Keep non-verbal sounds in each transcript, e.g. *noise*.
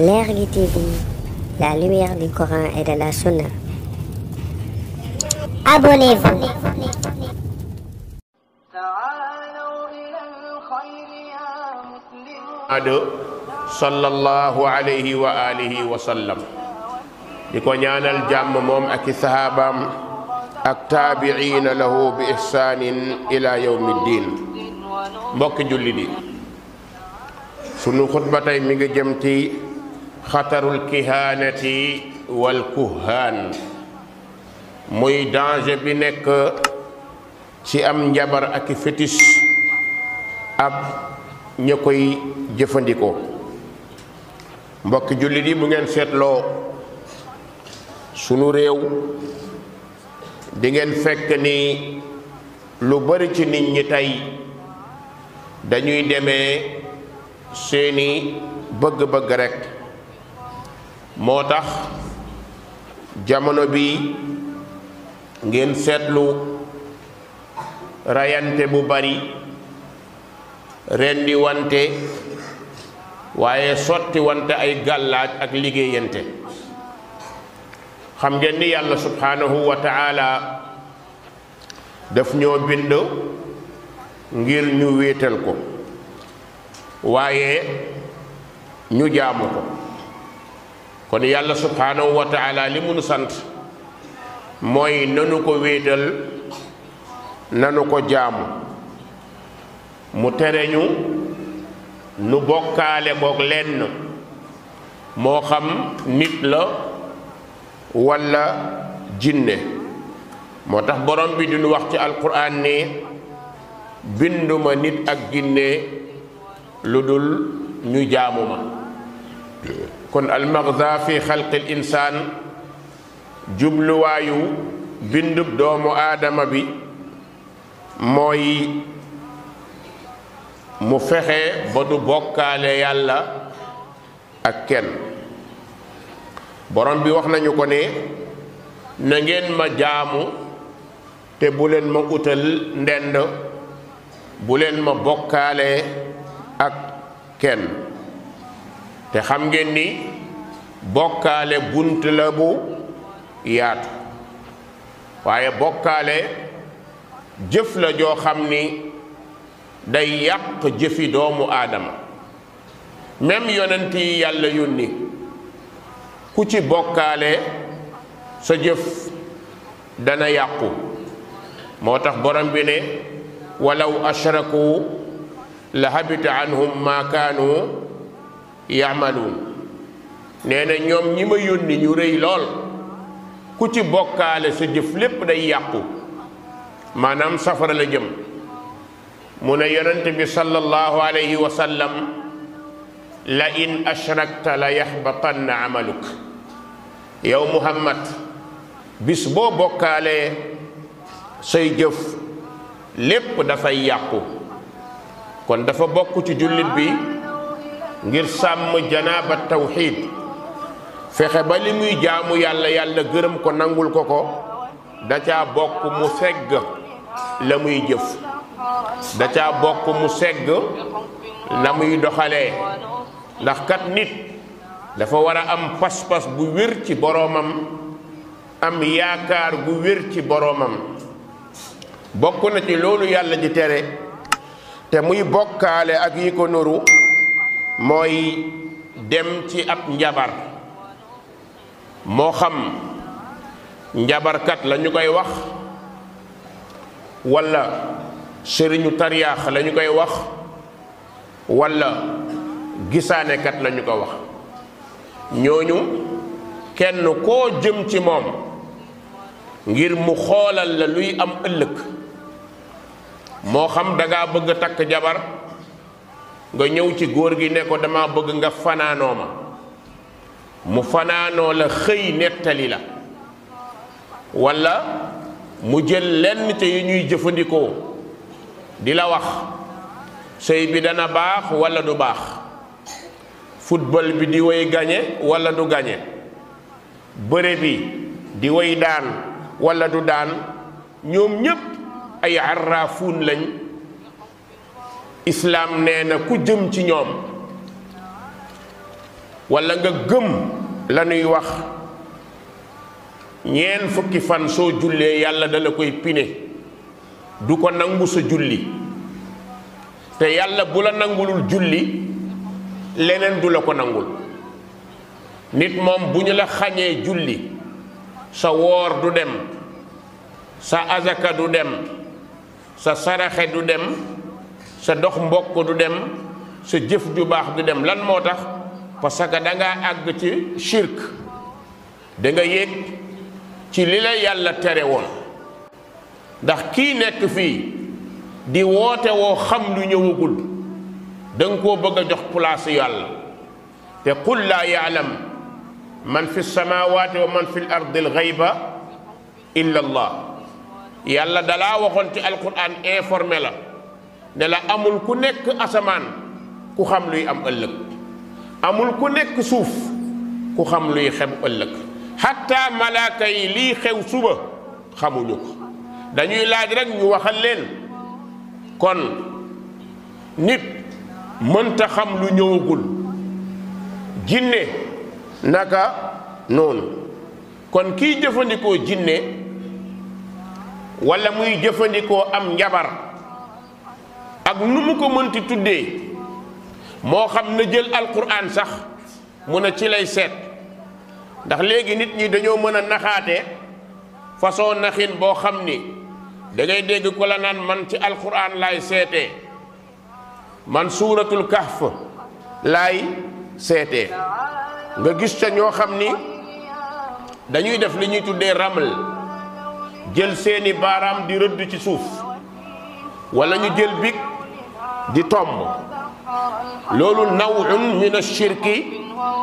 L'Airly TV, la lumière du Coran et de la Sunna. Abonnez-vous. صلى الله عليه وآله وسلم ديكو نيانال جام موم اك صحابام اك تابعين له باحسان الى يوم الدين mbokk julli di sunu xutba tey mi ngi jëm ci khatarul kihanati wal kuhan muy danger bi nek ci am njabar ak fetis ab ñakoy jëfëndiko mbokk julli di yi bu ngeen setlo sunu rew di ngeen fekk ni lu bari ci nit ñi tay dañuy démé seeni bëgg-bëgg rek moo tax jamono bi ngeen seetlu rayante bu bari rendi wante waaye sotti wante ay gàllaaj ak liggéeyante xam ngeen ni yàlla subhanahu wa taala daf ñoo bind ngir ñu wéetal ko waaye ñu jaamu ko kon yàlla subhaanahu wa taala li munu sant mooy nanu ko wéetal nanu ko jaamu mu tere ñu nu bokkaale koog lenn moo xam nit la walla jinne moo tax borom bi duñu wax ci alquran ne binduma nit ak jinne lu dul ñu jaamu ma كن المغزى في خلق الإنسان جبلو وايو بندب دوم آدم بي موي مفخي بدو بوكا ليالا أكين برام بي وخنا نيو كوني نجين ما جامو te bu len ma outal ndend bu len ma bokale te xam ngeen ni bokkaale bunt la bu yaatu waaye bokkaale jëf la joo xam ni day yàq jëfi doomu aadama même yonent yi yàlla yónni ku ci bokkaale sa jëf dana yàqu moo tax borom bi ne walaw ashraku la habita anhum ma يعملون نانا نيوم نيما يوني ني ري لول كوتي بوكال سي ديف ليپ داي ياكو مانام سفر لا جيم من يونت بي صلى الله عليه وسلم لئن اشركت لا يحبطن عملك يا محمد بس بو بوكال سي ديف ليپ دا فاي ياكو كون دا فا بوكو تي جوليت بي ngir sàmm janaaba tawxiid fexe ba li muy jaamu yàlla yàlla gërëm ko nangul ko ko da caa bokk mu segg la muy jëf da caa bokk mu segg la muy doxalee ndax kat nit dafa war a am pas-pas bu wér ci boroomam am yaakaar bu wér ci boroomam bokk na ci loolu yàlla di tere te muy bokkaale ak yi ko nuru mooy dem ci ab njabar moo xam njabarkat lañu koy wax walla sëriñu tariyaax lañu koy wax walla gisaanekat lañu ñu ko wax ñooñu kenn koo jëm ci moom ngir mu xoolal la luy am ëllëg moo xam danga bëgg takk jabar nga ñëw ci góor gi ne ko dama bëgg nga fanaanoo ma mu fanaanoo la xëy nettali la walla mu jël lenn te yu ñuy jëfandikoo di la wax sëy bi dana baax walla du baax futbal bi di woy gañe walla du gañe bëre bi di woy daan walla du daan ñoom ñépp ay arraafuun lañ islaam nee na ku jëm ci ñoom walla nga gëm la wax ñeen fukki fan soo jullee yàlla dala koy pine du ko nangu sa julli te yàlla bu la nangulul julli leneen du la ko nangul nit moom bu ñu la xañee julli sa woor du dem sa azaka du dem sa saraxe du dem sa dox mbokk du dem sa jëf ju baax du dem lan moo tax parce que da nga àgg ci shirk da nga yéeg ci li la yàlla tere woon ndax kii nekk fii di woote woo xam lu ñëwagul da nga koo bëgg a jox place yàlla te qul laa yaalam man fi samawaati wa man fi l ardi illa allah yàlla dalaa waxoon ci alquran informé la ne la amul ku nekk asamaan ku xam luy am ëllëg amul ku nekk suuf ku xam luy xem ëllëg xatta malaaka yi lii xew suba xamuñu ko dañuy laaj rek ñu waxal leen kon nit mënta xam lu ñëwagul jinne naka noonu kon kiy jëfandikoo jinne wala muy jëfandikoo am njabar ak nu mu ko mënti tuddee moo xam na jël alquran sax mu ne ci lay seet ndax léegi nit ñi dañoo mën a naxaate façon naxin boo xam ni dangay ngay dégg ko la naan man ci alquran laay seetee man suuratul kahf laay seetee nga gis ca ñoo xam ni dañuy def li ñuy tuddee ramal jël seeni baaraam di rëdd ci suuf wala ñu jël big di tomb loolu nawun min ashirki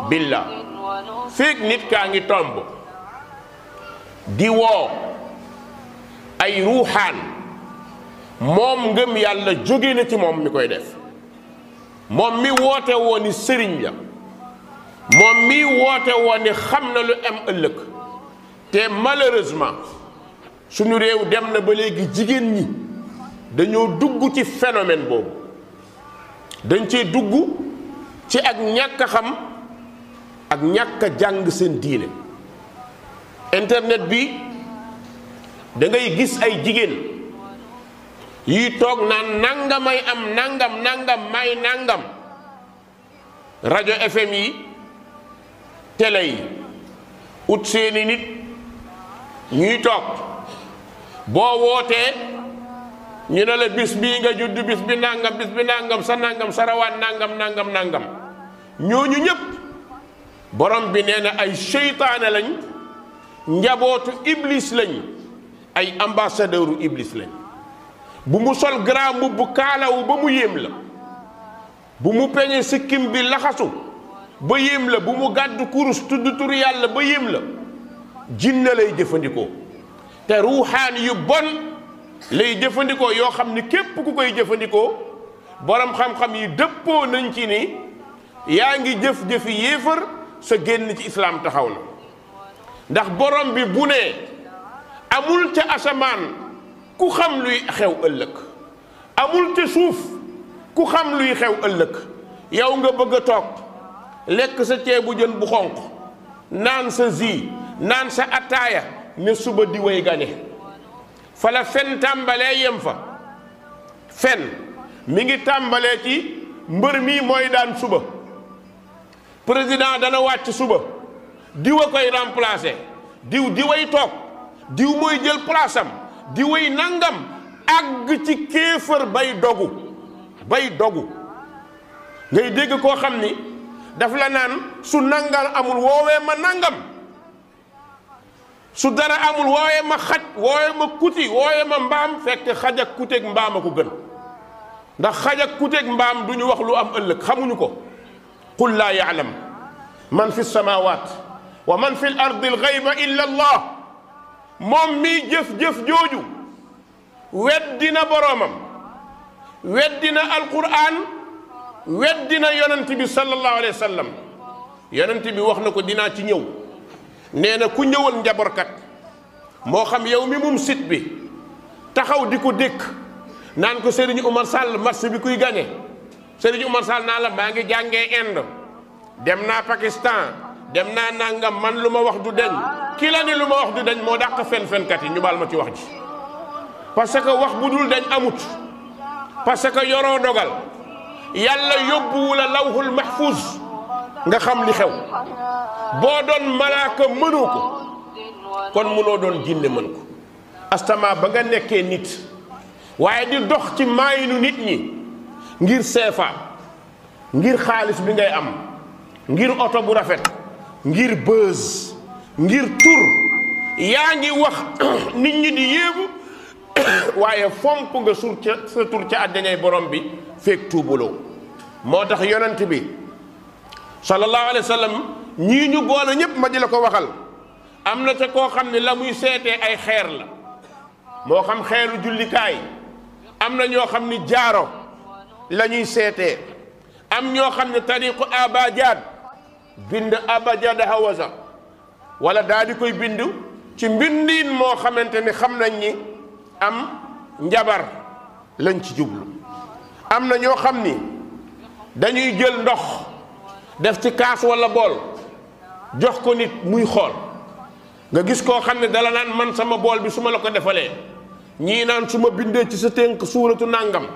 billah feeg nit kaa ngi tomb di woo ay ruuxaan moom ngëm yàlla jóge na ci moom mi koy def moom mi woote woo ni sëriñ la moom mi woote woo ni xam na lu am ëllëg te malheureusement suñu réew dem na ba léegi jigéen ñi dañoo dugg ci phénomène boobu dañ cee dugg ci ak ñàkk a xam ak ñàkk a jàng seen diine internet bi dangay gis ay jigéen yuy toog naan nangamay am nangam nangam may nangam rajo FM yi télé yi ut seeni nit ñuy toog boo wootee ñu ne la bis bii nga judd bis bi nangam bis bi nangam sa nangam sa rawaan nangam nangam nangam ñooñu ñëpp borom bi nee na ay seytaane lañ njabootu iblis lañ ay ambassadeuru iblis lañ bu mu sol grand mbubb bu kaalawu ba mu yéem la bu mu peñe sikkim bi laxasu ba yéem la bu mu gàddu kurus tudd tur yàlla ba yéem la jinne lay jëfandikoo te ruuxaan yu bon lay jëfandikoo yoo xam ni képp ku koy jëfandikoo boroom xam-xam yi dëppoo nañ ci ni yaa ngi jëf-jëfi yéefar sa génn ci islaam taxaw na ndax borom bi bu nee amul ca asamaan ku xam luy xew ëllëg amul ca suuf ku xam luy xew ëllëg yow nga bëgg a toog lekk sa ceebu jën bu xonq naan sa zi naan sa attaaya ne suba di way gane fala la fen tàmbalee yem fa fen mi ngi tàmbalee ci mbër mi mooy daan suba président dana wàcc suba diw a koy remplacer diw diway toog diw mooy jël place am diway nangam àgg ci kéefër bay dogu bay dogu ngay dégg koo xam ni daf la naan su nangal amul woowee ma nangam su dara amul woyé ma xaj woyé ma kuti woyé ma mbam fekk xaj ak kuteeg mbaam a ko gën ndax xaj ak kuteeg mbaam wax lu am ëlëk xamuñu ko qul la ya'lam man fi samawat wa man fi l ardi alxayba illa allah mom mi jëf-jëf joju weddina boromam weddina alquran weddina yonnati bi sallallahu alayhi wa sallam bi waxnako dina ci ñëw nee na ku ñëwal njaborkat moo xam yow mi moom site bi taxaw di ko dékk naan ko Serigne Oumar Sall match bi kuy gagné Serigne Oumar Sall naa la maa ngi jàngee Inde dem naa Pakistan dem naa nangam man lu ma wax du deñ ki la ni lu ma wax du deñ moo dàq fen-fenkat yi ñu baal ma ci wax ji parce que wax bu dul dañ amut parce que yoroo dogal yàlla yóbbuwu la lawhul mahfuz nga xam li xew boo doon malaaka mënoo ko kon mënoo doon jinne mën ko astama ba nga nekkee nit waaye di dox ci maayinu nit ñi ngir seefa ngir xaalis bi ngay am ngir oto bu rafet ngir bës ngir tur yaa ngi wax *clears throat* nit ñi di yéemu *clears throat* waaye fomp nga sur ca sa tur ca àddanay borom bi feeg tuubaloo moo tax yonent bi صلى الله عليه وسلم ني ني بولا نيب ما دي لاكو واخال امنا تا كو خامني لا موي سيتي اي خير لا مو خام خيرو جولي كاي امنا ньо خامني جارو لا ني سيتي ام ньо خامني طريق اباجاد بند اباجاد هوزا ولا دادي كوي بندو تي مبندين مو خامنتني خامنا ني ام نجابر لنجي جوبلو امنا ньо خامني دانيي جيل نوخ def ci kaas walla bool jox ko nit muy xool nga gis koo xam ne dala naan man sama bool bi su ma la ko defalee ñii naan su ma bindee ci sa tënk suuratu nàngam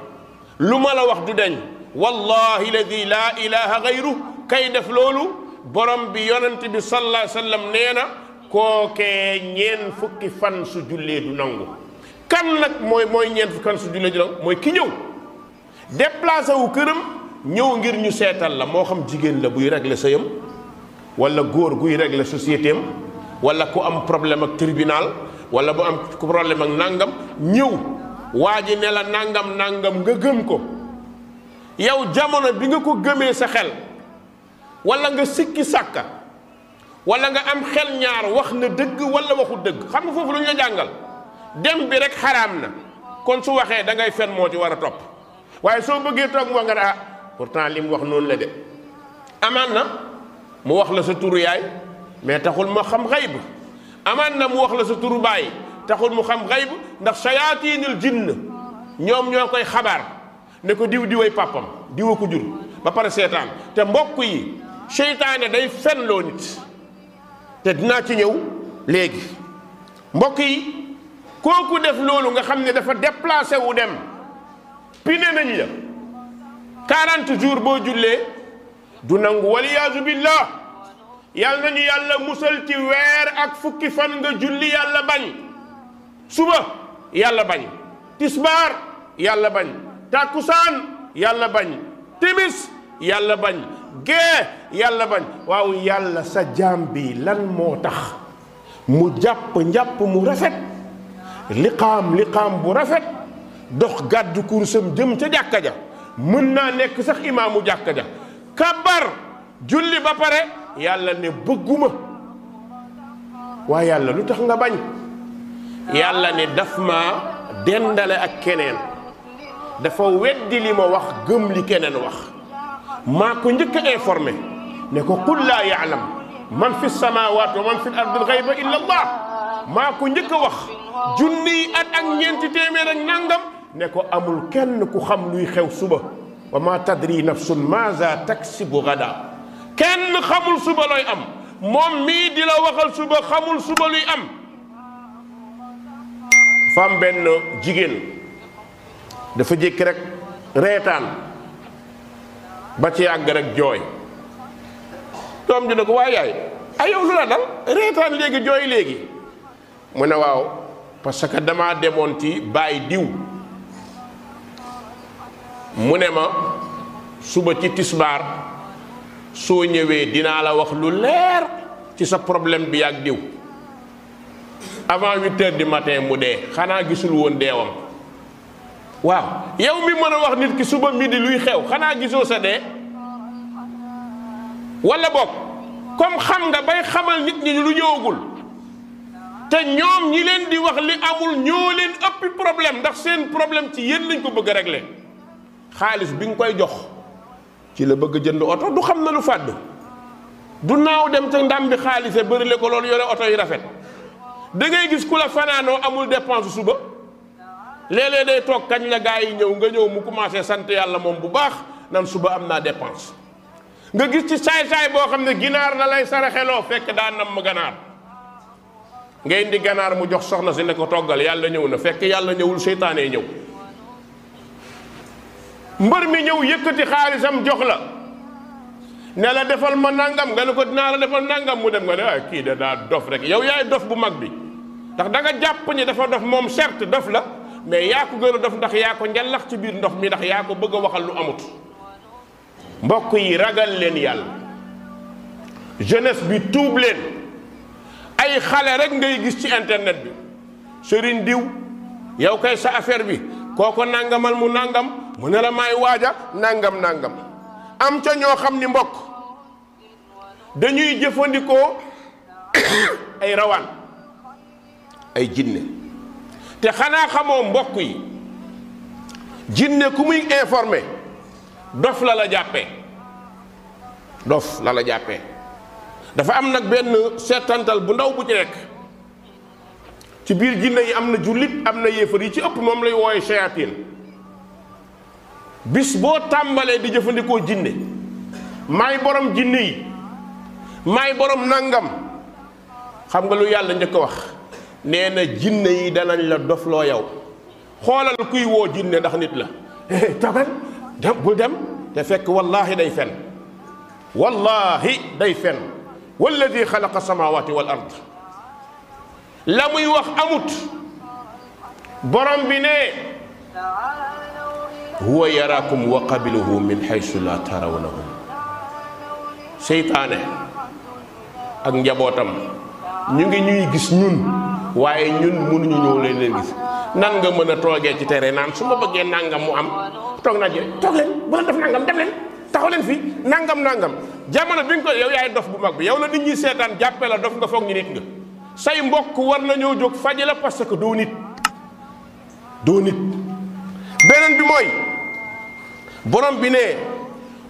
lu ma la wax du deñ wallahi ladi laa ilaha gayru kay def loolu borom bi yonent bi sallallahu alayhi wa sallam nee kookee ñeen fukki fan su jullee du nangu kan nag mooy mooy ñeen fukki fan su jullee du nangu mooy ki ñëw déplacé wu këram ñëw ngir ñu seetal la moo xam jigéen la buy régler sëyam wala góor guy régler société am wala ku am problème ak tribunal wala bu am ku problème ak nàngam ñëw waa ji ne la nàngam nàngam nga gëm ko yow jamono bi nga ko gëmee sa xel wala nga sikki sàkka walla nga am xel ñaar wax na dëgg wala waxu dëgg xam nga foofu lu ñu jàngal dem bi rek xaraam na kon su waxee da ngay fen moo ci war a topp waaye soo bëggee toog moo nga ne ah pourtant lim wax non la de amana mu wax la sa turu yaay mais taxul ma xam ghaib amana mu wax la sa turu bay taxul mu xam ghaib ndax shayatinul jinn ñom ñokoy xabar ne ko diw diway papam diw ko jur ba pare setan te mbokk yi shaytané day fenloo nit te dina ci ñëw léegi mbokk yi koku def lolu nga xamne dafa déplacer wu dem pine nañ la 40 jours boo jullee du nangu waliyaasu billah yal nañu yàlla musal ci weer ak fukki fan nga julli yàlla bañ suba yàlla bañ tisbaar yàlla bañ tàkkusaan yàlla bañ timis yàlla bañ gee yàlla bañ waaw yàlla sa jaam bi lan moo tax mu jàpp njàpp mu rafet liqaam liqaam bu rafet dox gàddu kursam jëm ca jàkka ja mën naa nekk sax imaamu jàkka ja kabar julli ba pare yàlla ne bëgguma waaye yàlla lu tax nga bañ yàlla ne daf ma dendale ak keneen dafa weddi li ma wax gëm keneen wax maa ko njëkk a ne ko qul laa yaalam man fi samawaat wa man fi l xayba illa allah maa ko njëkk wax junniy at ak ñeenti téeméer ak nangam ne ko amul kenn ku xam luy xew suba wa ma tadri nafsun maaza taksibu gada kenn xamul suba looy am moom mii di la waxal suba xamul suba luy am fam benn jigéen dafa jékki rek reetaan ba ci yàgg rek jooy doom ji ne ko waay yaay a yow lu la dal reetaan léegi jooy léegi mu ne waaw parce que damaa demoon ci bàyyi diw mu ne ma suba ci tisbaar soo ñëwee dinaa la wax lu leer ci sa problème bi ak diw avant huit heures du matin mu dee xanaa gisul woon deewam waaw yow mi mën a wax nit ki suba di luy xew xanaa gisoo sa dee walla boog comme xam nga bay xamal nit ñi lu ñëwagul te ñoom ñi leen di wax li amul ñoo leen ëppi problème ndax seen problème ci yéen lañ ko bëgg a régler xaalis bi nga koy jox ci la bëgg jënd oto du xam na lu fàdd du naaw dem ca ndam bi xaalise bëri le ko loolu yore oto yi rafet da ngay gis ku la fanaanoo amul dépense suba léeg-léeg day toog kañ la gaa yi ñëw nga ñëw mu commencé sant yàlla moom bu baax nan suba am naa dépense nga gis ci saay-saay boo xam ne ginaar la lay saraxeloo fekk daa nam mu ganaar nga indi ganaar mu jox soxna si ne ko toggal yàlla ñëw na fekk yàlla ñëwul seytaanee ñëw mbër mi ñëw yëkkati xaalisam jox la ne la defal ma nangam nga ne ko dinaa la defal nangam mu dem nga ne waaye ah, kii de daa dof rek yow yaay dof bu mag bi ndax danga nga jàpp ni dafa dof moom certes dof la mais yaa ko gën a dof ndax yaa ko njalax ci biir ndox mi ndax yaa ko bëgg waxal lu amut mbokk yi ragal leen yàlla jeunesse bi tuub leen ay xale rek ngay gis ci internet bi sëriñ diw yow kay sa affaire bi kooko nangamal mu nangam mu may waaja nangam nangam am ca ñoo xam ni mbokk dañuy jëfandikoo *coughs* ay rawaan ay jinne te xanaa xamoo mbokk yi jinne ku muy informé dof la la jàppee dof la la jàppee dafa am nag benn seetantal bu ndaw bu ci rekk ci biir jinne yi am na jullit am na yéefar yi ci ëpp moom lay wooye shayatin bis boo tàmbalee di jëfandikoo jinne maay borom jinne yi maay borom nangam xam nga lu yàlla njëkk a wax nee na jinne yi danañ la dofloo yow xoolal kuy woo jinne ndax nit la *laughs* eh, tagal dem bul dem te fekk wallaahi day fen wallaahi day fen walladi xalaqa samawati wal ard la muy wax amut borom bi ne huwa yaraakum wa qabiluhu min haysu la tarawnahum seytaane ak njabootam ñu ngi ñuy gis ñun waaye ñun munuñu ñëw leen leen gis nan mën a toogee ci tere naan su ma bëggee nangam mu am toog naa jël toog leen bu leen def nangam def leen taxaw leen fii nangam nangam jamono bi nga ko yow yaay dof bu mag bi yow la di ñi seetaan jàppee la dof nga foog ñu nga say mbokk war nañoo jóg faje la parce que doo nit doo nit beneen bi mooy borom bi ne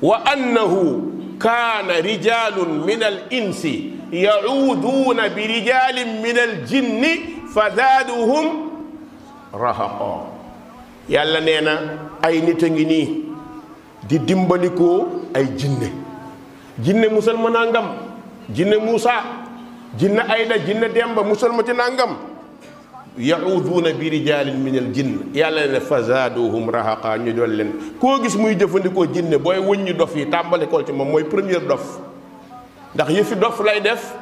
wa annahu kaana rijalun min al insi bi rijalin min al fa zaaduhum rahaqa yàlla nee na ay nit a ngi ni di dimbalikoo ay jinne jinne musal ngam jinne Muusa جن أيلا جن ديمبا مسلم جن يعوذون برجال من الجن يلا فزادوهم رهقا نجول لن كو جس موي جفن جن بوي وين دفي تامبالي كول تما موي بريمير دف داك يفي دف لاي دف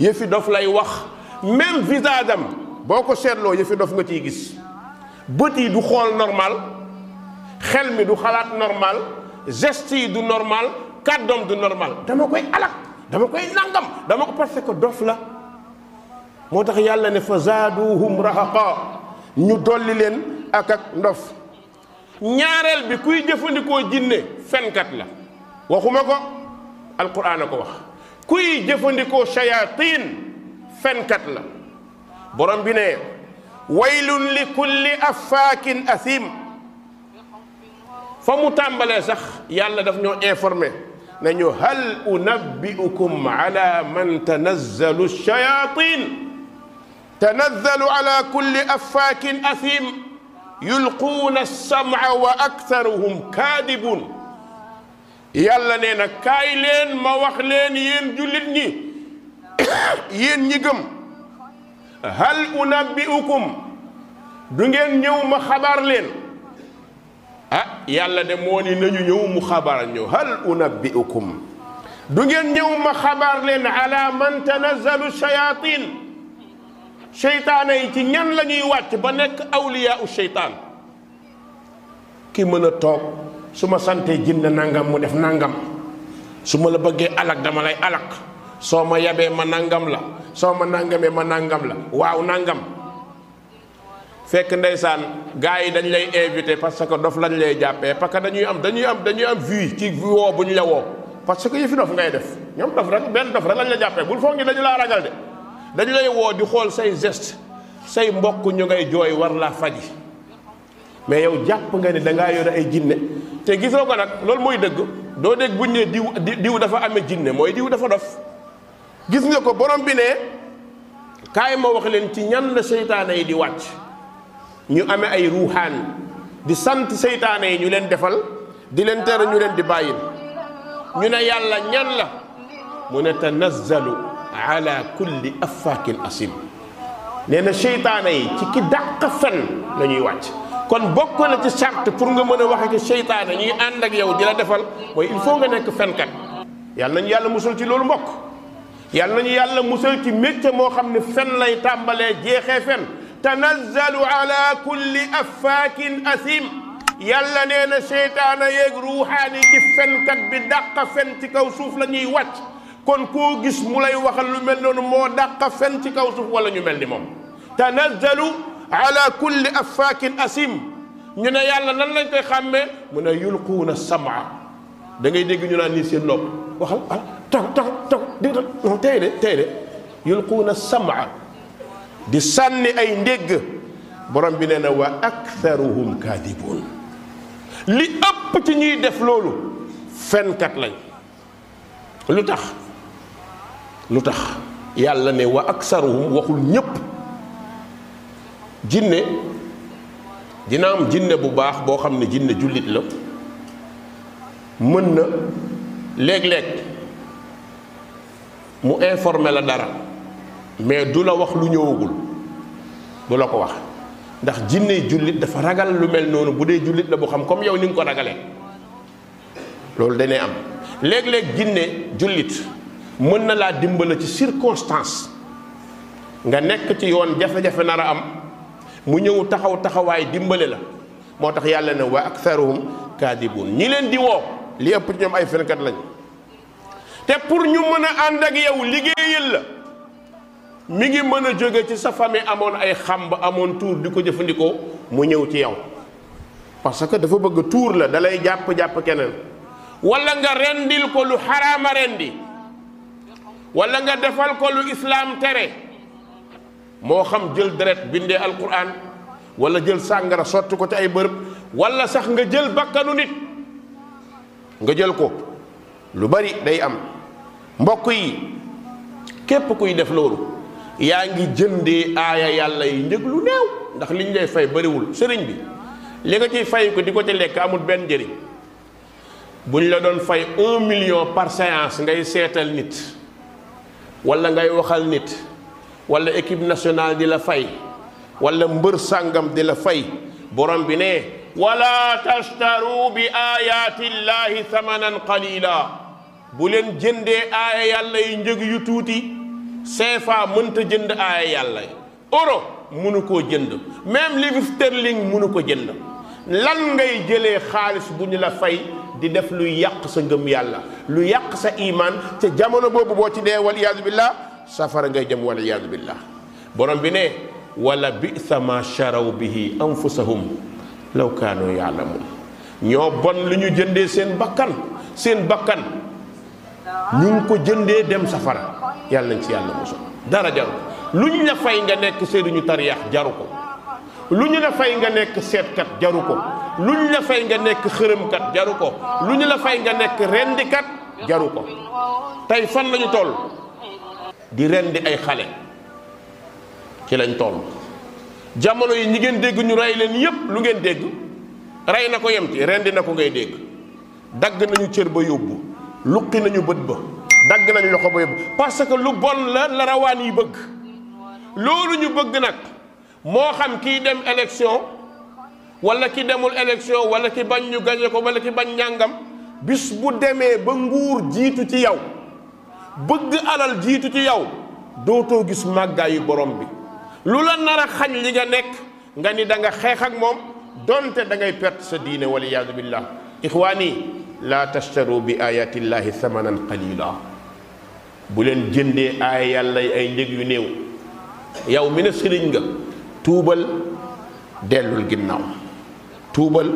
يفي دف لاي وخ ميم فيزا دم بوكو سيرلو يفي دف نتي جس بطي نورمال خلمي دو نورمال زستي دو نورمال كادم دو نورمال دمو كوي علاق dama koy nangam dama ko parce que dof la moo tax yàlla ne fa zaaduhum rahaqa ñu dolli leen ak ak ndof ñaareel bi kuy jëfandikoo jinne fenkat la waxuma ko alquran a ko wax kuy jëfandikoo shayatin fenkat la borom bi ne waylun li kulli affaakin asim fa mu tàmbalee sax yàlla daf ñoo informé نيو هل انبئكم على من تنزل الشياطين تنزل على كل أفاك أثيم يلقون السمع وأكثرهم كاذب يلا نينا كاي لين ما واخ لين يين جوليت ني *coughs* يين ني گم هل انبئكم دو نين نيو ما خبر لين يالا دي موني نيو نيو مخابر نيو هل انبئكم دو نين نيو مخابر لين على من تنزل الشياطين شيطان اي تي نين لا نيو وات با نيك اولياء الشيطان كي مانا توك سوما سانتي جين نانغام مو ديف نانغام سوما لا بوغي الاك دا مالاي الاك سوما يابي ما نانغام لا سوما نانغامي ما نانغام لا واو نانغام fekk ndeysaan gars yi dañ lay invité parce que dof lañ lay jàppee parce que dañuy am dañuy am dañuy am vue ci woo bu ñu la woo parce que yëfi dof ngay def ñoom dof rek benn dof rek lañ la jàppee bul foog ni dañu laa ragal de dañu lay woo di xool say geste say mbokk ñu ngay jooy war laa faji mais yow jàpp nga ni dangaa yore ay jinne te gisoo ko nag loolu mooy dëgg doo dégg buñ ne diw diw dafa amee jinne mooy diw dafa dof gis nga ko borom bi ne kaay ma wax leen ci ñan la seytaane yi di wàcc ñu amé ay ruuxaan di sant seytaane ñu leen defal di leen tere ñu leen di bayil ñu ne yàlla ñan la mu ne tanazzalu ala kulli affaakin asim nee na seytaane ci ki dakk fen lañuy wàcc kon bokko na ci charte pour nga mëna a waxe ci seytaane ñuy ànd ak yow di la defal moy il faut nga nek nekk kat yàlla ñu yàlla musul ci lolu mbokk yàlla ñu yàlla musul ci métier mo xamne fen lay tambalé jéxé fen تنزل على كل أفاك أثيم yàlla nee na seytaana yeeg ruuxaani ci fenkat bi dàq fen ci kaw suuf la ñuy wàcc kon koo gis mu lay waxal lu mel noonu moo dàq fen ci kaw suuf wala ñu mel ni moom tanazzalu ala kulli affaakin asim ñu ne yàlla nan lañ koy xàmmee mu ne yulquuna samaa da ngay dégg ñu naan nii seen nopp waxal ah tax tax tax dégg tey de tey de yulquuna samaa di sànni ay ndeg borom bi neena wa aktharuhum kadibun li ëpp ci ñuy def loolu kat lañ lutax lutax yàlla ne wa aktharuhum waxul ñépp jinne dina am jinne bu baax boo xam ne jinne jullit la mën na léeg-léeg mu informé la dara mais du la wax lu ñëwagul du la ko wax ndax jinne jullit dafa ragal lu mel noonu bu dee jullit la bu xam comme yow ni nga ko ragalee loolu danee am léeg-léeg jinne jullit mën na laa dimbala ci circonstance nga nekk ci yoon jafe-jafe nar a am mu ñëw taxaw taxawaay dimbale la moo tax yàlla ne wa aktharuhum kaadibuun ñi leen di woo li ëpp ci ñoom ay fenkat lañ te pour ñu mën a ànd ak yow liggéeyal la mi ngi mën a ci sa famille amone ay xamb di ko jëfandikoo mu ñëw ci yow parce que dafa bëgg tour la dalay japp japp kenen wala nga rendil ko lu rendi wala nga defal ko lu islam téré mo xam jël dret bindé alquran wala jël sangara sotti ko ci ay bërb wala sax nga jël bakkanu nit nga jël ko lu bari day am mbokk yi képp kuy def lolu yaa ngi jëndee aaya yàlla yi njëg lu néew ndax liñ lay fay bariwul sëriñ bi li nga ci fay ko di ko ci lekk amul benn njëriñ buñ la doon fay un million par séance ngay seetal nit wala ngay waxal nit wala équipe nationale di la fay wala mbër sàngam di la fay borom bi ne wala tashtaru bi ayati llahi thamanan bu leen jëndee aaya yàlla yi njëg yu tuuti CFA mënta jënd aaya yàlla euro munu koo jënd même livre sterling munu ko jënd lan ngay jëlee xaalis bu ñu la fay di def lu yàq sa ngëm yàlla lu yàq sa iman ca jamono boobu boo ci dee wal bi billah safara ngay jëm wal iyaadu billah borom bi ne wala bisa ma charaw bihi anfusahum law ñoo bon lu ñu jëndee seen bakkan seen bakkan ñu ngi ko jëndee dem safara yàlla nañ ci yàlla mosul dara jaru lu ñu la fay nga nekk sëriñu tariyax jaru ko lu ñu la fay nga nekk seetkat jaru ko lu ñu la fay nga nekk xërëmkat jaru ko lu ñu la fay nga nekk rendikat jaru ko tey fan lañu toll di rendi ay xale ci lañ toll jamono yi ñi ngeen dégg ñu rey leen yépp lu ngeen dégg rey na ko yem ci rendi na ko ngay dégg dagg nañu cër ba yóbbu luqi nañu bët ba dagg nañu loxo ba yóbbu parce que lu bon la la rawaan yi bëgg loolu ñu bëgg nag moo xam kiy dem élection wala ki demul élection wala ki bañ ñu gañe ko wala ki bañ ñàngam bis bu demee ba nguur jiitu ci yow bëgg alal jiitu ci yow dootoo gis yi borom bi lu la nar a xañ li nga nekk nga ni danga xeex ak moom donte da ngay perte sa diine wala iyaadu billah laa tashtaru bi ayatillahi samanan qalila bu leen jëndee aaya yàlla ay njëg yu néew yow mi ne sëriñ nga tuubal dellul ginnaaw tuubal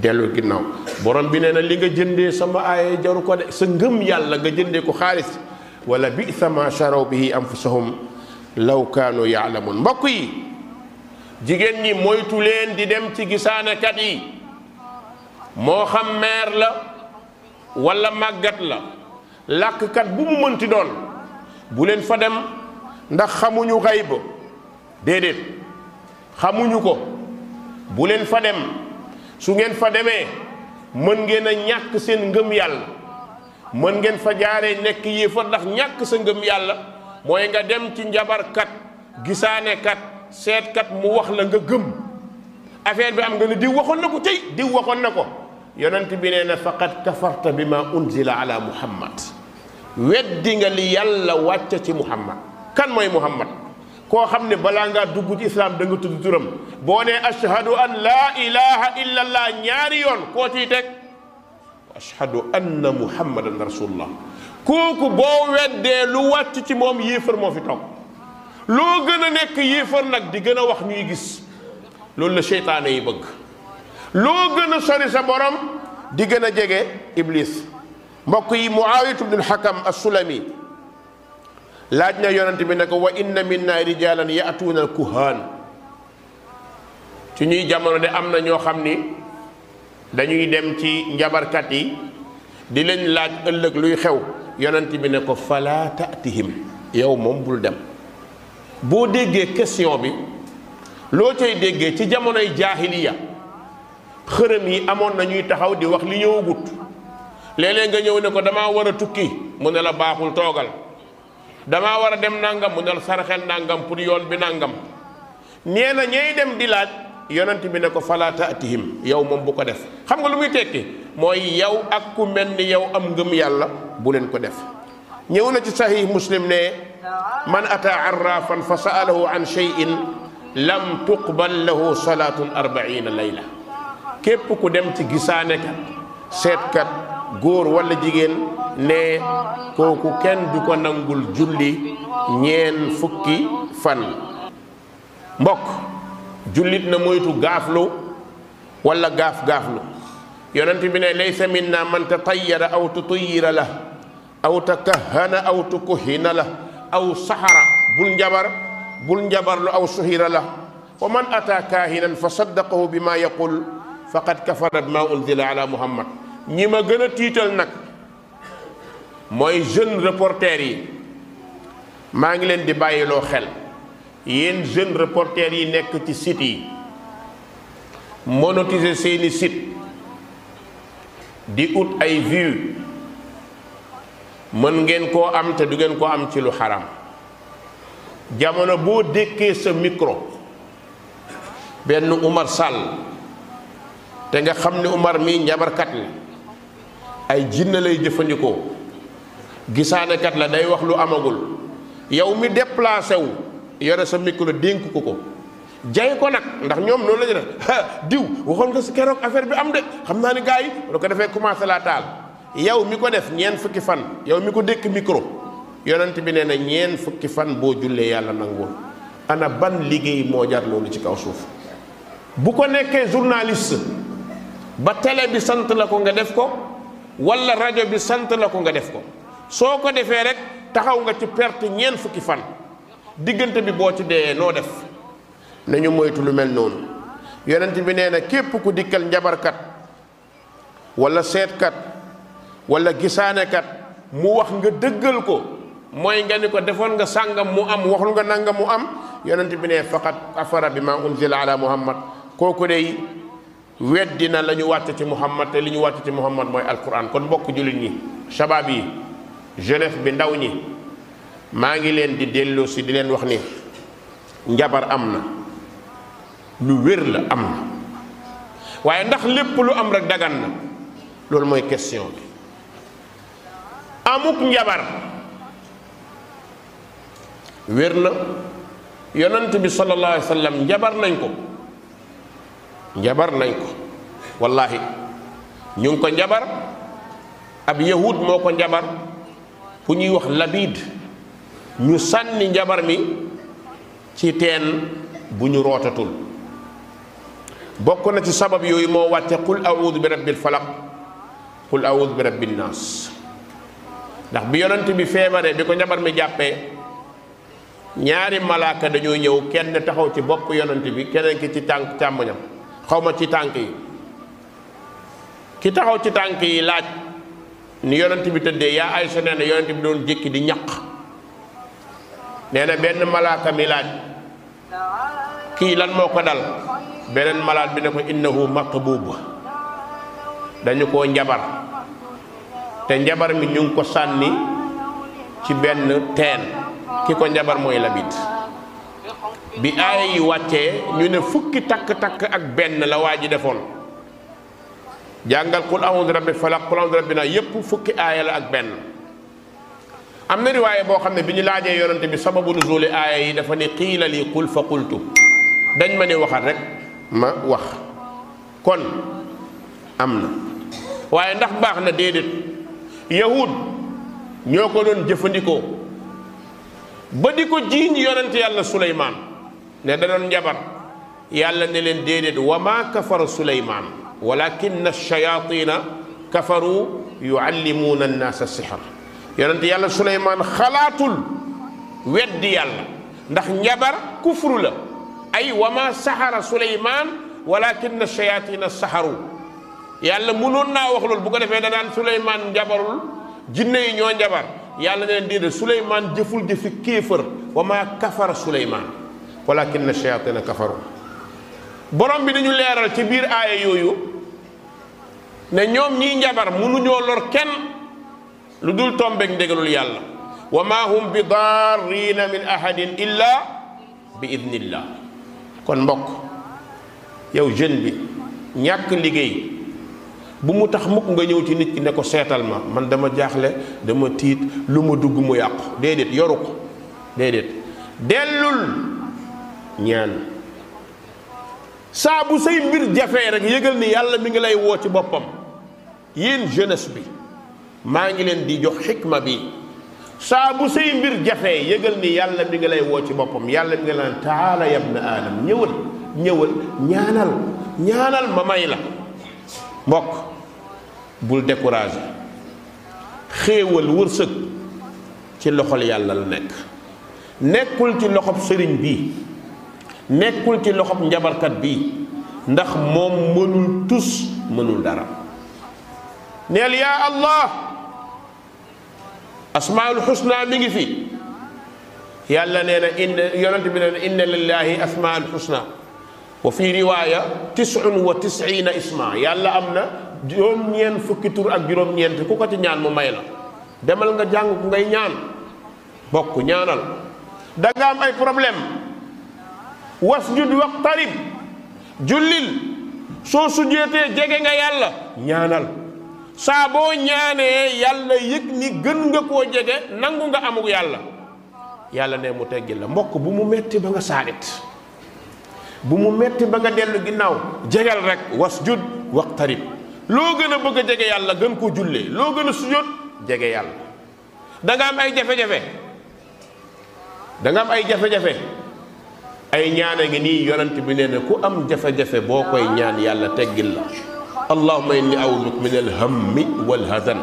dellul ginnaaw borom bi nee na li nga jëndee sama aaya jaru ko de sa ngëm yàlla nga jëndee ko xaalis wala bi sama charaw bihi anfusahum law kaanu yaalamun mbokk yi jigéen ñi moytu leen di dem ci gisaanekat yi moo xam meer la walla màggat la làkkat bu mu mënti doon buleen fa dem ndax xamuñu xayb déedéet xamuñu ko bu leen fa dem su ngeen fa demee mën ngeen a ñàkk seen ngëm yàlla mën ngeen fa jaaree nekk yi ndax ñàkk sa ngëm yàlla mooy nga dem ci njabarkat gisaanekat seetkat mu wax la nga gëm affaire bi am nga ne diw waxoon na ko tey diw waxoon na ko yonent bi nee na faqad kafarta bi ma unzila ala muhammad weddi nga li yàlla wàcce ci muhammad kan mooy muhammad koo xam ne balaa ngaa dugg ci islaam da nga tudd turam boo nee ashhadu an laa ilaha illa allah ñaari yoon koo ciy teg ashhadu anna muhammadan rasulullah kooku boo weddee lu wàcc ci moom yéefar moo fi toog loo gën a nekk yéefar nag di gën a wax ñuy gis loolu la seytaane yi bëgg loo gën a sori sa borom di gën a jege iblis mbokk yi muawiyatu bnul xakam as-sulami laaj na yonent bi ne ko wa inna minna rijalan yaatuuna alkuhaan ci ñuy jamono de am na ñoo xam ni dañuy dem ci njabarkat yi di leen laaj ëllëg luy xew yonent bi ne ko fala tatihim yow moom bul dem boo déggee question bi loo cay déggee ci jamonoy jaahiliya xërëm yi amoon na ñuy taxaw di wax li ñëwagut léeg-léeg nga ñëw ne ko dama war a tukki mu ne la baaxul toogal dama war a dem nangam mu ne la sarxel nangam pour yoon bi nangam nee na ñey dem di laaj yonent bi ne ko falaa taatihim yow moom bu ko def xam nga lu muy tekki mooy yow ak ku mel ni yow am ngëm yàlla bu leen ko def ñëw na ci sahih muslim ne man ata arrafan fa saalahu an cheyin lam tuqbal lahu salaatun arbaina layla képp ku dem ci gisaanekat seetkat góor walla jigéen ne kooku kenn du ko nangul julli ñeen fukki fan mbokk jullit na moytu gaaflu walla gaaf gaaflu yonent bi ne laysa minna man tatayyara aw tutuyira la aw takahana aw tukuhina la aw sahara bul njabar bul njabarlu aw suhira la wa man ata kaahinan fa saddaqahu bi yaqul faqad kafara ma unzila ala muhammad ñi ma gën a tiital nag mooy jeune reporter yi maa ngi leen di bàyyiloo xel yéen jeune reporter yi nekk ci site yi monétiser seeni sit di ut ay vues mën ngeen koo am te du ngeen koo am ci lu xaram jamono boo dékkee sa micro benn Umar Sall te nga xam ne Umar mii njabarkat la ay jinne lay jëfandikoo gisaanekat la day wax lu amagul yow mi déplacé wu yore sa micro dénk ko ko jay ko nag ndax ñoom noonu la ñu def diw waxoon nga si keroog affaire bi am de xam naa ni gars yi lu ko defee commencé laa taal yow mi ko def ñeen fukki fan yow mi ko dékk micro yonent bi nee na ñeen fukki fan boo jullee yàlla nanguwul ana ban liggéey moo jar ci kaw suuf bu ko nekkee journaliste ba télé bi sant la ko nga def ko wala radio bi sant la ko nga def ko soko defé rek taxaw nga ci perte ñen fukki fan digënté bi bo ci dé no def nañu moytu lu mel non yonent bi néna képp ku dikkal kat wala kat wala kat mu wax nga dëggal ko moy nga ni ko defon nga sàngam mu am waxul nga nangam mu am yonent bi ne faqat afara bima unzila ala muhammad koku dé weddi na la ñu wàcc ci muhammad te li ñu wàcc ci muhammad mooy alquran kon mbokk jullit ñi shabaab yi jeunesse bi ndaw ñi maa ngi leen di delloo si di leen wax ni njabar am na lu wér la am na waaye ndax lépp lu am rek dagan na loolu mooy question bi amuk njabar wér na yonent bi sallallahu alayhi wa sallam njabar nañ ko njabar nañ ko wallahi ñu ngi ko njabar ab yahud moo ko njabar ku ñuy wax labid ñu sànni njabar mi ci teen bu ñu rootatul bokk na ci sabab yooyu moo wàcce qul audu bi rabbil falaq qul audu bi rabbin naas ndax bi yonent bi feebaree bi ko njabar mi jàppee ñaari malaaka dañoo ñëw kenn taxaw ci bopp yonent bi keneen ki ci tànk càmmoñam xaw ma ci tanki ki taxaw ci tanki yi laaj ni yonent bi tedde ya aisha neena yonent bi doon jekki di ñak neena benn malaaka mi laaj ki lan moko dal benen malaat bi ne ko innahu maqbub dañu ko njabar te njabar mi ñu ko sanni ci benn teen ki ko njabar moy labit bi aaya yi wàccee ñu ne fukki takk-takk ak benn la waa ji defoon jàngal qul a'udhu rabbi falaq qul a'udhu rabbi naa yépp fukki aaya la ak benn am na riwaaye boo xam ne bi ñu laajee yonante bi sababu nuzuli aaya yi dafa ne qiila li qul fa qultu dañ ma ne waxat rek ma wax kon am na waaye ndax baax na déedéet yahud ñoo ko doon jëfandikoo ba di ko jiiñ yonent yàlla suleymaan ne danoon njabar yàlla ne leen déedéet wa maa kafara suleymaan walakin ash-shayaatiina kafaru yuallimuuna annaasa sixar yonent yàlla suleymaan xalaatul weddi yàlla ndax njabar kufru la ay wa maa saxara suleymaan walakin ash-shayaatiina saxaru yàlla mënoon naa wax loolu bu ko defee danaan suleymaan njabarul jinne yi ñoo njabar yàlla neen déedéet suleymaan jëful jëfi kéefër wa maa kafara suleymaan walakinna shayatina kafaru borom bi dañu leeral ci biir aaya yooyu ne ñoom ñiy njabar mënuñoo lor kenn lu dul tombeeg ndégalul yàlla wa maa hum bi daarrina min ahadin illa bi idnillah kon mbokk yow jeune bi ñàkk liggéey bu mu tax mukk nga ñëw ci nit ki ne ko seetal ma man dama jaaxle dama tiit lu ma dugg mu yàqu déedéet yoru ko déedéet dellul ñaan saa bu say mbir jafee rek yëgal ni yàlla mi ngi lay woo ci boppam yéen jeunesse bi maa ngi leen di jox xikma bi saa bu say mbir jafee yëgal ni yàlla mi ngi lay woo ci boppam yàlla mi ngi laan taala yabna aadam ñëwal ñëwal ñaanal ñaanal ma may la mbokk bul découragé xéewal wërsëg ci loxol yàlla la nekk nekkul ci loxob sëriñ bi nekkul ci loxob njabarkat bi ndax moom mënul tus mënul dara neel yaa allah asmaul xusna mi ngi fi yàlla nee na inna yonent bi nee na inna lillahi asmaul xusna wa fi riwaya tis'un isma yalla amna juroom ñeen fukki tur ak juroom ñeent ku ko ci ñaan mu may la demal nga jàng ku ngay ñaan bokk ñaanal da nga am ay problème wasjud waqtarib jullil soo sujjeetee jege nga yalla ñaanal saa boo ñaanee yàlla yëg ni gën nga koo jege nangu nga amug yalla ne mu teggil la mbokk bu mu metti ba nga bu mu metti ba nga dellu ginnaaw jegal rek wasjud waqtarib loo gën a bëgg a jege yàlla gën koo jullee loo gën a sujjóot jege yàlla da am ay jafe-jafe da am ay jafe-jafe ay ñaan a ngi nii yolant bi nee na ku am jafe-jafe boo koy ñaan yàlla teggil la allahuma inni auduk min alhammi walhazan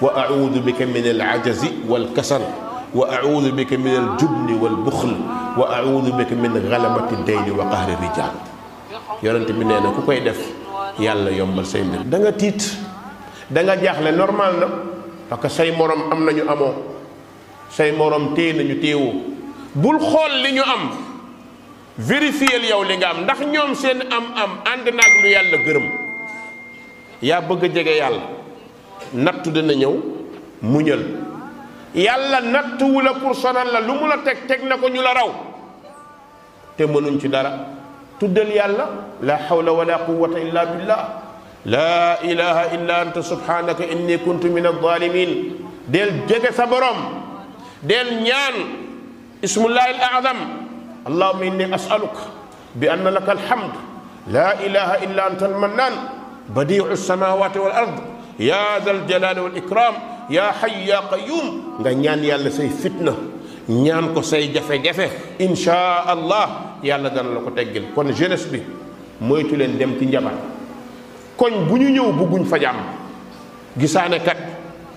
wa audu bika min alajazi walkasal وأعوذ بك من الجبن والبخل وأعوذ بك من غلبة الدين وقهر الرجال يونت بي نينا كوكاي ديف يالا يومبال ساي مبير داغا تيت داغا جاخلé normal na parce que say morom am nañu amo say morom té nañu téwo am vérifier yow li nga am ndax am am and nak lu yalla gëreum ya bëgg jégué yalla nattu yàlla nattuwu wala pour sonal la lumu la tek tek nako ñu la raw te mënuñ ci dara tuddal yàlla la hawla wala quwwata illa billah la ilaha illa anta subhanaka inni kuntu minadh dhalimin del jege sa borom del ñaan ismullahi al-a'zam allahumma inni as'aluka bi anna laka alhamd la ilaha illa anta al-mannan badi'u as-samawati wal ard ya dhal jalali wal ikram yaa xay yaa nga ñaan yàlla say fitna ñaan ko say jafe-jafe insha allah yàlla dana la ko teggil kon jeunesse bi moytu leen dem ci njabar koñ bu ñu ñëw bugguñ fa jàmm gisaane kat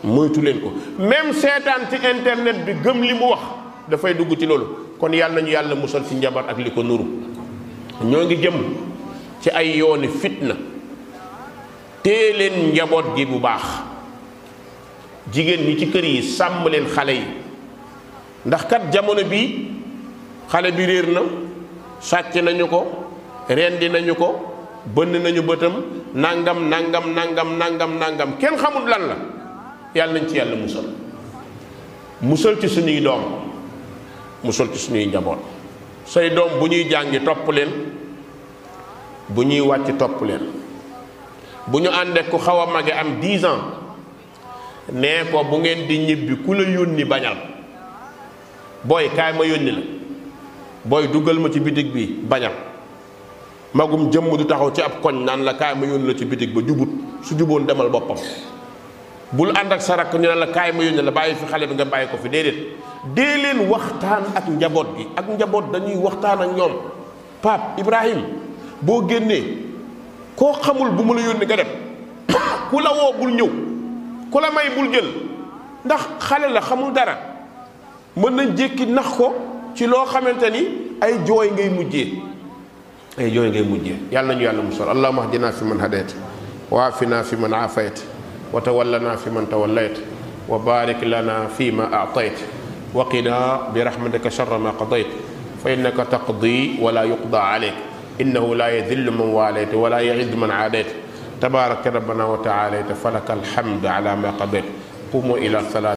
moytu leen ko même seetaan ci internet bi gëm li mu wax dafay dugg ci loolu kon yàlla nañu yàlla musal ci njabar ak li ko nuru ñoo ngi jëm ci ay yooni fitna tee leen njaboot gi bu baax jigéen ñi ci kër yi sàmm leen xale yi ndax kat jamono bii xale bi réer na sàcc nañu ko rendi nañu ko bënn nañu bëtam nangam nangam nangam nangam nangam kenn xamul lan la yàlla nañ ci yàlla musal musal ci suñuy doom musal ci suñuy njaboot say doom bu ñuy jàngi topp leen bu ñuy wàcc topp leen bu ñu àndee ku xaw a mage am 10 ans nee ko bu ngeen di ñibbi ku la yónni bañal booy kaay ma yónni la booy duggal ma ci bitig bi bañal magum jëmm du taxaw ci ab koñ naan la kaay ma yónni la ci bitig ba jubut su juboon demal boppam bul ànd ak la kaay ma yónni la bàyyi fi xale bi nga bàyyi ko fi déedéet dee leen waxtaan ak njaboot gi ak njaboot dañuy waxtaan ak ñoom Pape Ibrahim boo génnee koo xamul bu mu la yónni nga dem *coughs* ku la woo bul ñëw ku la may bul jël ndax xale la xamul dara mën nañ jékki nax ko ci loo xamante ni ay jooy ngay mujjee ay jooy ngay mujjee yàlla nañu yàlla musal allahuma ahdina fi man hadayt وعافنا wa barik lana fi ma من wa qina bi rahmatika sharra ma برحمتك fa innaka taqdi wa la yuqda alayk innahu la yadhillu man من wa la يعز man عاديت تبارك ربنا وتعالى فلك الحمد على ما قبل قوموا إلى الصلاة